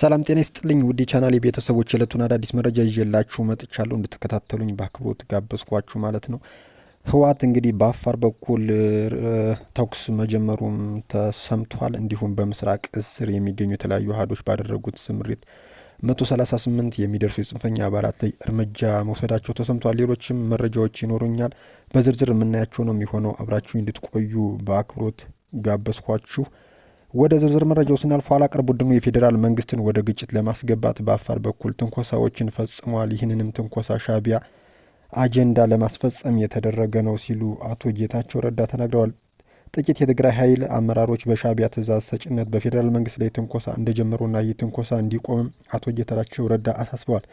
ሰላም ጤና ይስጥልኝ ውድ ቻናል የቤተሰቦች የዕለቱን አዳዲስ መረጃ ይዤላችሁ መጥቻለሁ። እንድትከታተሉኝ በአክብሮት ጋበዝኳችሁ ማለት ነው። ህወሓት እንግዲህ በአፋር በኩል ተኩስ መጀመሩም ተሰምቷል። እንዲሁም በምስራቅ እስር የሚገኙ የተለያዩ አህዶች ባደረጉት ስምሪት 138 የሚደርሱ የጽንፈኛ አባላት ላይ እርምጃ መውሰዳቸው ተሰምቷል። ሌሎችም መረጃዎች ይኖሩኛል፣ በዝርዝር የምናያቸው ነው የሚሆነው። አብራችሁ እንድትቆዩ በአክብሮት ጋበዝኳችሁ። ወደ ዝርዝር መረጃው ስናልፍ ኋላ ቀር ቡድኑ የፌዴራል መንግስትን ወደ ግጭት ለማስገባት በአፋር በኩል ትንኮሳዎችን ፈጽሟል። ይህንንም ትንኮሳ ሻቢያ አጀንዳ ለማስፈጸም የተደረገ ነው ሲሉ አቶ ጌታቸው ረዳ ተናግረዋል። ጥቂት የትግራይ ኃይል አመራሮች በሻቢያ ትእዛዝ ሰጭነት በፌዴራል መንግስት ላይ ትንኮሳ እንደጀመሩና ይህ ትንኮሳ እንዲቆምም አቶ ጌታቸው ረዳ አሳስበዋል።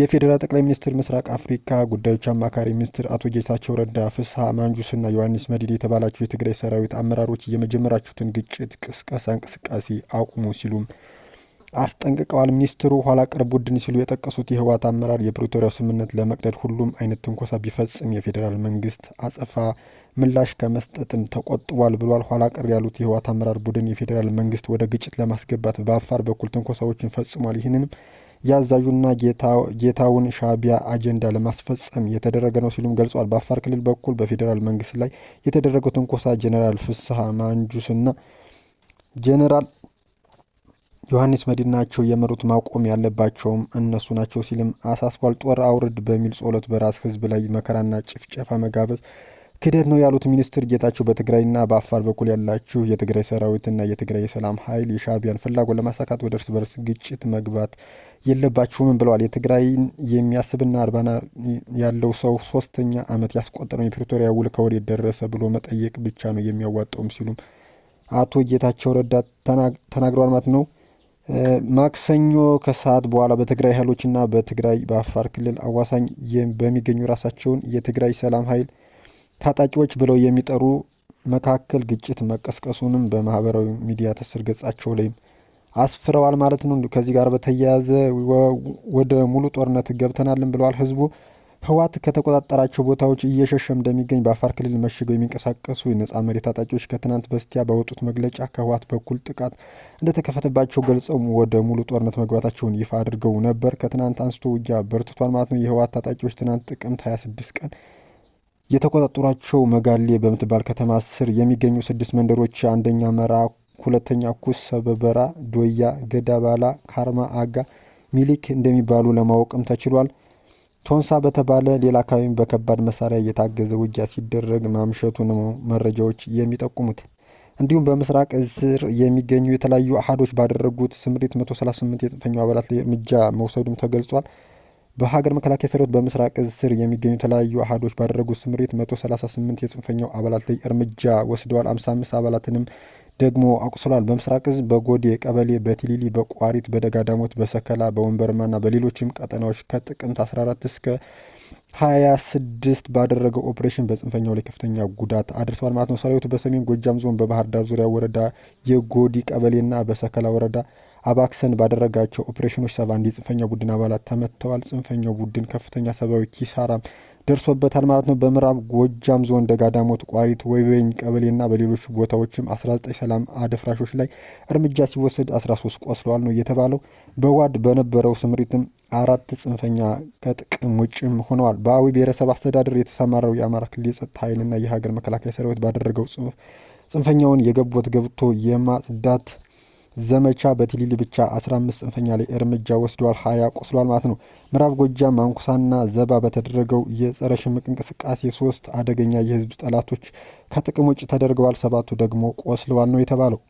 የፌዴራል ጠቅላይ ሚኒስትር ምስራቅ አፍሪካ ጉዳዮች አማካሪ ሚኒስትር አቶ ጌታቸው ረዳ፣ ፍስሐ ማንጁስና ዮሐንስ መዲድ የተባላቸው የትግራይ ሰራዊት አመራሮች የመጀመራችሁትን ግጭት ቅስቀሳ እንቅስቃሴ አቁሙ ሲሉም አስጠንቅቀዋል። ሚኒስትሩ ኋላ ቀር ቡድን ሲሉ የጠቀሱት የህወሓት አመራር የፕሪቶሪያው ስምምነት ለመቅደድ ሁሉም አይነት ትንኮሳ ቢፈጽም የፌዴራል መንግስት አጸፋ ምላሽ ከመስጠትም ተቆጥቧል ብሏል። ኋላ ቀር ያሉት የህወሓት አመራር ቡድን የፌዴራል መንግስት ወደ ግጭት ለማስገባት በአፋር በኩል ትንኮሳዎችን ፈጽሟል። ይህንንም የአዛዡና ጌታውን ሻቢያ አጀንዳ ለማስፈጸም የተደረገ ነው ሲሉም ገልጿል። በአፋር ክልል በኩል በፌዴራል መንግስት ላይ የተደረገው ትንኮሳ ጀኔራል ፍስሐ ማንጁስና ጀኔራል ዮሐንስ መዲድ ናቸው የመሩት፣ ማቆም ያለባቸውም እነሱ ናቸው ሲልም አሳስቧል። ጦር አውርድ በሚል ጸሎት በራስ ህዝብ ላይ መከራና ጭፍጨፋ መጋበዝ ክደት ነው ያሉት ሚኒስትር ጌታቸው በትግራይና በአፋር በኩል ያላችሁ የትግራይ ሰራዊትና የትግራይ የሰላም ኃይል የሻቢያን ፍላጎት ለማሳካት ወደ እርስ በርስ ግጭት መግባት የለባችሁም ብለዋል። የትግራይን የሚያስብና አርባና ያለው ሰው ሶስተኛ አመት ያስቆጠረው የፕሪቶሪያ ውል ከወዴት ደረሰ ብሎ መጠየቅ ብቻ ነው የሚያዋጣውም ሲሉም አቶ ጌታቸው ረዳ ተናግሯል ማለት ነው። ማክሰኞ ከሰዓት በኋላ በትግራይ ኃይሎችና በትግራይ በአፋር ክልል አዋሳኝ በሚገኙ ራሳቸውን የትግራይ ሰላም ኃይል ታጣቂዎች ብለው የሚጠሩ መካከል ግጭት መቀስቀሱንም በማህበራዊ ሚዲያ ትስስር ገጻቸው ላይም አስፍረዋል ማለት ነው። ከዚህ ጋር በተያያዘ ወደ ሙሉ ጦርነት ገብተናልን ብለዋል ህዝቡ። ህወሓት ከተቆጣጠራቸው ቦታዎች እየሸሸ እንደሚገኝ በአፋር ክልል መሽገው የሚንቀሳቀሱ የነፃ መሬት ታጣቂዎች ከትናንት በስቲያ በወጡት መግለጫ ከህወሓት በኩል ጥቃት እንደተከፈተባቸው ገልጸው ወደ ሙሉ ጦርነት መግባታቸውን ይፋ አድርገው ነበር። ከትናንት አንስቶ ውጊያ በርትቷል ማለት ነው። የህወሓት ታጣቂዎች ትናንት ጥቅምት 26 ቀን የተቆጣጠሯቸው መጋሌ በምትባል ከተማ ስር የሚገኙ ስድስት መንደሮች አንደኛ መራ ሁለተኛ ኩስ፣ ሰበበራ፣ ዶያ፣ ገዳባላ፣ ካርማ አጋ፣ ሚሊክ እንደሚባሉ ለማወቅም ተችሏል። ቶንሳ በተባለ ሌላ አካባቢም በከባድ መሳሪያ እየታገዘ ውጊያ ሲደረግ ማምሸቱ ነው መረጃዎች የሚጠቁሙት። እንዲሁም በምስራቅ እስር የሚገኙ የተለያዩ አሃዶች ባደረጉት ስምሪት 138 የጽንፈኛ አባላት ላይ እርምጃ መውሰዱም ተገልጿል። በሀገር መከላከያ ሰራዊት በምስራቅ እስር የሚገኙ የተለያዩ አሃዶች ባደረጉት ስምሪት 138 የጽንፈኛው አባላት ላይ እርምጃ ወስደዋል። 55 አባላትንም ደግሞ አቁስሏል። በምስራቅ እዝ በጎዴ ቀበሌ፣ በቲሊሊ፣ በቋሪት፣ በደጋዳሞት፣ በሰከላ፣ በወንበርማና በሌሎችም ቀጠናዎች ከጥቅምት 14 እስከ 26 ባደረገው ኦፕሬሽን በጽንፈኛው ላይ ከፍተኛ ጉዳት አድርሰዋል ማለት ነው። ሰራዊቱ በሰሜን ጎጃም ዞን በባህር ዳር ዙሪያ ወረዳ የጎዲ ቀበሌና በሰከላ ወረዳ አባክሰን ባደረጋቸው ኦፕሬሽኖች ሰባ አንድ የጽንፈኛው ቡድን አባላት ተመትተዋል። ጽንፈኛው ቡድን ከፍተኛ ሰብአዊ ኪሳራ ደርሶበታል ማለት ነው። በምዕራብ ጎጃም ዞን ደጋዳሞት፣ ቋሪት፣ ወይበኝ ቀበሌና በሌሎች ቦታዎችም 19 ሰላም አደፍራሾች ላይ እርምጃ ሲወሰድ 13 ቆስለዋል ነው የተባለው። በዋድ በነበረው ስምሪትም አራት ጽንፈኛ ከጥቅም ውጭም ሆነዋል። በአዊ ብሔረሰብ አስተዳደር የተሰማራው የአማራ ክልል የጸጥታ ኃይልና የሀገር መከላከያ ሰራዊት ባደረገው ጽንፈኛውን የገቦት ገብቶ የማጽዳት ዘመቻ በትሊል ብቻ 15 ጽንፈኛ ላይ እርምጃ ወስዷል፣ ሀያ ቆስሏል ማለት ነው። ምዕራብ ጎጃም ማንኩሳና ዘባ በተደረገው የጸረ ሽምቅ እንቅስቃሴ ሶስት አደገኛ የህዝብ ጠላቶች ከጥቅም ውጭ ተደርገዋል፣ ሰባቱ ደግሞ ቆስለዋል ነው የተባለው።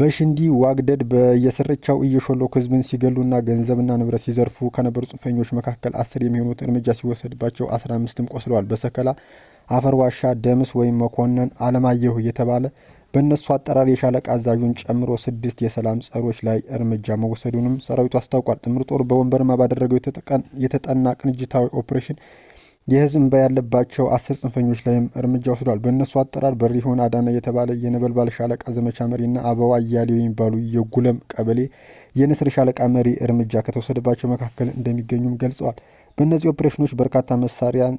በሽንዲ ዋግደድ በየስርቻው እየሾለኩ ህዝብን ሲገሉና ገንዘብና ንብረት ሲዘርፉ ከነበሩ ጽንፈኞች መካከል አስር የሚሆኑት እርምጃ ሲወሰድባቸው አስራ አምስትም ቆስለዋል። በሰከላ አፈር ዋሻ ደምስ ወይም መኮንን አለማየሁ የተባለ በእነሱ አጠራር የሻለቃ አዛዡን ጨምሮ ስድስት የሰላም ጸሮች ላይ እርምጃ መወሰዱንም ሰራዊቱ አስታውቋል። ጥምር ጦሩ በወንበርማ ባደረገው የተጠና ቅንጅታዊ ኦፕሬሽን የህዝብ እንባ ያለባቸው አስር ጽንፈኞች ላይም እርምጃ ወስዷል። በእነሱ አጠራር በሪሆን አዳና የተባለ የነበልባል ሻለቃ ዘመቻ መሪና አበባ አያሌው የሚባሉ የጉለም ቀበሌ የንስር ሻለቃ መሪ እርምጃ ከተወሰደባቸው መካከል እንደሚገኙም ገልጸዋል። በእነዚህ ኦፕሬሽኖች በርካታ መሳሪያን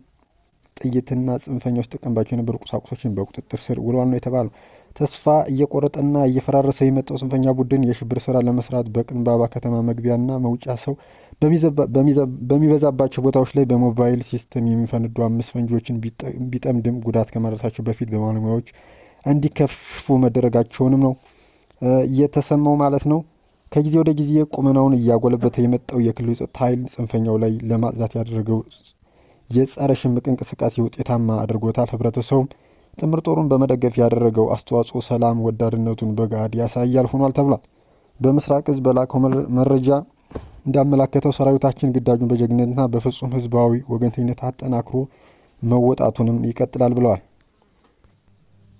ጥይትና ጽንፈኞች ጠቀምባቸው የነበሩ ቁሳቁሶችን በቁጥጥር ስር ውሏል ነው የተባለው። ተስፋ እየቆረጠና እየፈራረሰ የመጣው ጽንፈኛ ቡድን የሽብር ስራ ለመስራት በቅንባባ ከተማ መግቢያና መውጫ ሰው በሚበዛባቸው ቦታዎች ላይ በሞባይል ሲስተም የሚፈነዱ አምስት ፈንጂዎችን ቢጠምድም ጉዳት ከማድረሳቸው በፊት በባለሙያዎች እንዲከሽፉ መደረጋቸውንም ነው እየተሰማው ማለት ነው። ከጊዜ ወደ ጊዜ ቁመናውን እያጎለበተ የመጣው የክልሉ ጸጥታ ኃይል ጽንፈኛው ላይ ለማጽዳት ያደረገው የጸረ ሽምቅ እንቅስቃሴ ውጤታማ አድርጎታል። ህብረተሰቡም ጥምር ጦሩን በመደገፍ ያደረገው አስተዋጽኦ ሰላም ወዳድነቱን በጋድ ያሳያል ሆኗል ተብሏል። በምስራቅ እዝ በላከው መረጃ እንዳመላከተው ሰራዊታችን ግዳጁን በጀግንነትና በፍጹም ህዝባዊ ወገንተኝነት አጠናክሮ መወጣቱንም ይቀጥላል ብለዋል።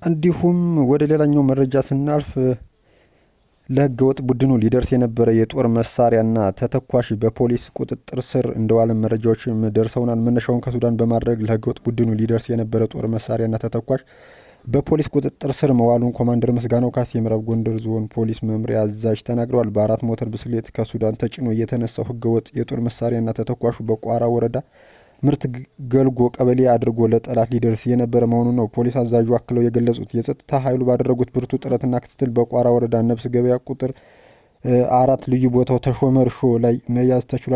እንዲሁም ወደ ሌላኛው መረጃ ስናልፍ ለህገወጥ ቡድኑ ሊደርስ የነበረ የጦር መሳሪያና ተተኳሽ በፖሊስ ቁጥጥር ስር እንደዋለም መረጃዎች ደርሰውናል። መነሻውን ከሱዳን በማድረግ ለህገወጥ ቡድኑ ሊደርስ የነበረ ጦር መሳሪያና ተተኳሽ በፖሊስ ቁጥጥር ስር መዋሉን ኮማንደር ምስጋናው ካሴ የምዕራብ ጎንደር ዞን ፖሊስ መምሪያ አዛዥ ተናግረዋል። በአራት ሞተር ብስክሌት ከሱዳን ተጭኖ የተነሳው ህገወጥ የጦር መሳሪያና ተተኳሹ በቋራ ወረዳ ምርት ገልጎ ቀበሌ አድርጎ ለጠላት ሊደርስ የነበረ መሆኑ ነው ፖሊስ አዛዡ አክለው የገለጹት። የጸጥታ ኃይሉ ባደረጉት ብርቱ ጥረትና ክትትል በቋራ ወረዳ ነብስ ገበያ ቁጥር አራት ልዩ ቦታው ተሾመርሾ ላይ መያዝ ተችሏል።